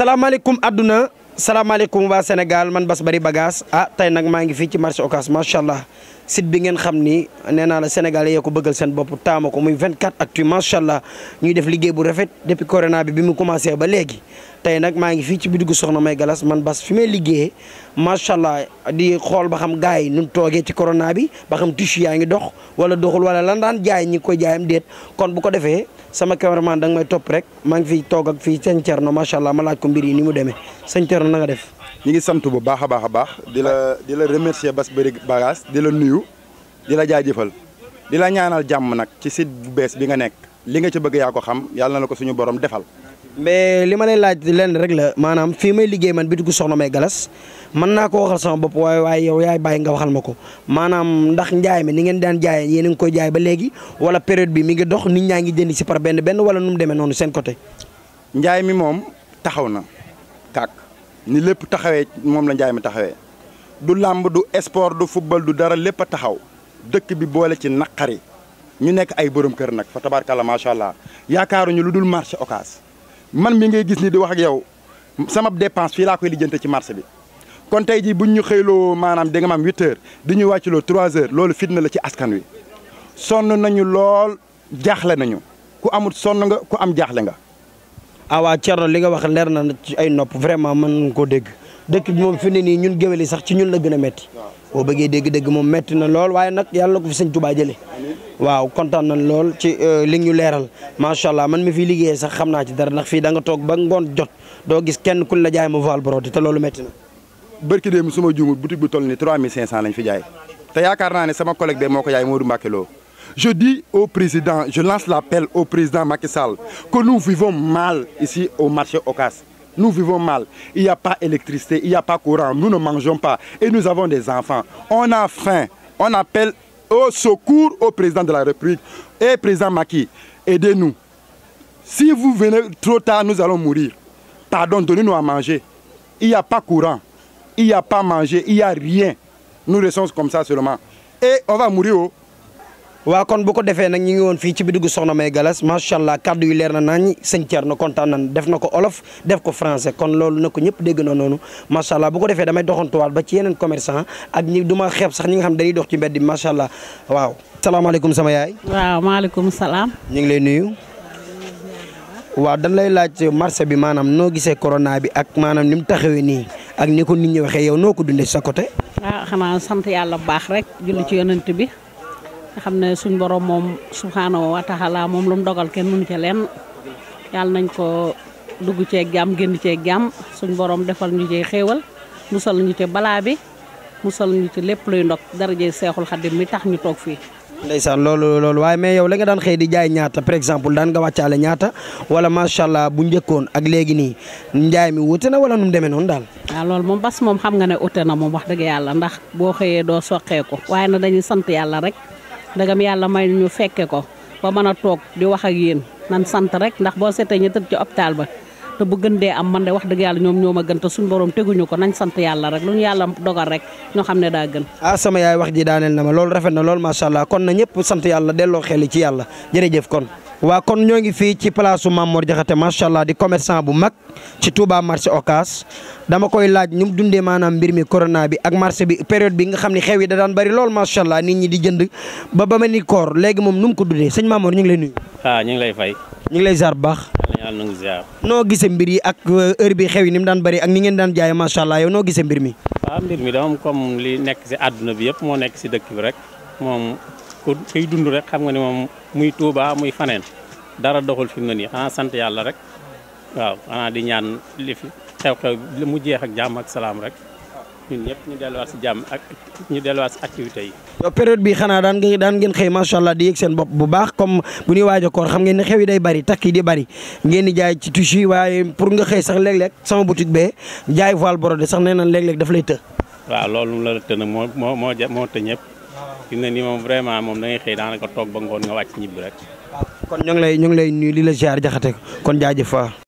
salaamaaleykum àdduna salaamaaleykum waa Sénégal man Bass Bari Bagage ah tey nag maa ngi fii ci marché Ocass macha allah site bi ngeen xam ni nee naa la sénégalais yee ko bëggal seen bopp taama ko muy 24 actu macha allah ñuy def liggéey bu rafet depuis corona bi bi mu commencé ba léegi. tey nag maa ngi fii ci bitigu soxna May Galas man bas fi may liggéeyee macha allah di xool ba xam gars yi nu toogee ci corona bi ba xam tissu yaa ngi dox wala doxul wala lan daan jaay ñi koy jaayam déet kon bu ko defee. sama cameraman da nga may topp rek maa ngi fiy toog ak fii sëñ Thierno macha allah ma laaj ko ni mu demee sëñ na nga def. ñi ngi sant bu baax a baax a baax di la di la remercier Bass Bari Bagage di la nuyu di la jaajëfal di la ñaanal jàmm nag ci site bu bees bi nga nekk li nga ci bëgg yaa ko xam yàlla na ko suñu borom defal. mais li ma lay laaj lenn rek la maanaam fii may liggéey man bitigu soxna may galas mën naa ko waxal sama bopp waaye waaye yow yaay bàyyi nga waxal ma ko maanaam ndax njaay mi ni ngeen daan jaayee yéen a ngi koy jaay ba léegi wala période bi mi ngi dox nit ñaa ngi jënd si par benn benn wala nu mu demee noonu seen côté. njaay mi moom taxaw na kàkk ni lépp taxawee moom la njaay mi taxawee du làmb du sport du football du dara lépp a taxaw dëkk bi boole ci naqari ñu nekk ay borom kër nag fa tabarkàlla macha allah yaakaaruñu lu dul marché occas man mi ngay gis ni di wax ak yow sama dépense fii laa koy lijjante ci marché bi kon tey jii buñ ñu xëyloo maanaam di nga maam huit heures di ñu wàcciloo trois heures loolu fitna la ci askan wi sonn nañu lool jaaxle nañu ku amul sonn nga ku am jaaxle nga ah waa Thierno li nga wax leer na ci ay nopp vraiment mën nañu koo dégg dëkk bi moom fi ne nii ñun géwél yi sax ci ñun la gën a métti boo bëggee dégg-dégg moom métti na lool waaye nag yàlla na ko fi sëñ Touba jëlee waaw kontaan nañ lool ci euh, li ñu leeral macha allah man mi fi liggéeyee sax xam naa ci dara ndax fii da nga toog ba ngoon jot doo gis kenn kuñ la jaay ma voile brodé te loolu metti na. barki démb su ma juumul boutique bu toll nii 3500 lañ fi jaay te yaakaar naa ne sama collègue bee moo ko jaay Modou Mbacke Lo Je dis au président, je lance l'appel au président Macky sal que nous vivons mal ici au marché Ocas. Nous vivons mal. Il n'y a pas électricité, il n'y a pas courant, nous ne mangeons pas et nous avons des enfants. On On appelle au secours au président de la République et eh, président Macky. Aidez-nous. Si vous venez trop tard, nous allons mourir. Pardon, donnez-nous à manger. Il n'y a pas courant, il n'y a pas manger, il n'y a rien. Nous restons comme ça seulement. waaw kon bu ko defee nag ñu ngi woon fii ci bitigu Soxna May Galas macha allah kaddu yu leer na nañ sëñ Thierno kontaan nañ def na ko olof def ko français kon loolu na ko ñëpp dégg na noonu macha allah bu ko defee damay doxantuwaat ba ci yeneen commerçant ak ñi du ma xeeb sax ñi nga xam dañuy dox ci bi macha allah waaw. salaamaaleykum sama yaay. maaleykum salaam. ñu ngi lay nuyu. waaw dañ lay laaj marché bi maanaam noo gisee corona bi ak maanaam ni mu taxawee nii ak ni ko nit ñi waxee yow noo ko dundee sa côté. ah xanaa sant yàlla bu baax rek. julli ci yonent bi. nga xam ne suñ boroom moom subhaanahu wa taala moom lu mu dogal kenn mënu ca leen yàlla nañ ko dugg ceeg jàmm génn cee jàmm suñ borom defal ñu ci xéewal musal ñu ci balaa bi musal ñu ci lépp luy ndog daraje seexul xadim mi tax ñu toog fii ndeysaan loolu loolu waaye mais yow la nga daan xëy di jaay ñaata par exemple daan nga wàccaale ñaata wala macha allah bu njëkkoon ak léegi nii njaay mi wute na wala nu mu demee noonu daal. waaw ah, loolu moom bas moom xam nga ne ute na moom wax dëgg yàlla ndax boo xëyee doo soqee ko waaye na dañuy sant yàlla rek ndegam yàlla may ñu fekke ko ba mën a toog di wax ak yéen nan sant rek ndax boo seetee ñu tëdd ci hôpital ba te bu gën dee am man de wax dëgg yàlla ñoom ñoo ma gën te suñu borom teguñu ko nañ sant yàlla rek lu ñu yàlla dogal rek ñoo xam ne daa gën. ah sama yaay wax ji daaneel na ma loolu rafet na loolu macha allah kon na ñëpp sant yàlla delloo xel ci yàlla jërëjëf kon. waa kon ñoo ngi fii ci palaasu Mamor Jaxate macha allah di commerçant bu mag ci Touba marché Ocass dama koy laaj mu dundee maanaam mbir mi corona bi ak marché bi période bi nga xam ni xew yi da daan bari lool macha allah nit ñi di jënd ba ba mel ni koor léegi moom nu mu ko dundee sëñ Mamor ñu ngi leen nuyu. ah ñu ngi lay fay. ñu ngi lay ziar bu baax. noo gisee mbir yi ak euh, heure bi xew yi ni mu daan bari ak ni ngeen daan jaaye macha allah yow noo gisee mbir mi. waaw mbir mi dama li nekk si àdduna bi yëpp moo nekk si dëkk bi rek moom ku fiy dund rek xam nga ne moom muy Touba muy faneen dara doxul fi mu ne nii xanaa sant yàlla rek waaw xanaa di ñaan li fi xew-xew li mu jeex ak jàmm ak salaam rek ñun ñëpp ñu delluwaat si jàmm ak ñu delluwaat si activités yi. yow période bi xanaa daan ngeen daan ngeen xëy macha allah di yëg seen bopp bu baax comme bu ñuy waaj a koor xam ngeen ne xew yi day bari takk yi di bari ngeen di jaay ci tissu waaye pour nga xëy sax léeg-léeg sama boutique bee jaay voile brodé sax nee na léeg-léeg daf lay të. waaw loolu la la të fi mu ne nii moom vraiment moom da ngay xëy toog ba ngoon nga wàcc ñibbi rek. kon ñu ngi lay ñu ngi lay nuyu li la ziar jaxate kon jaajëf fa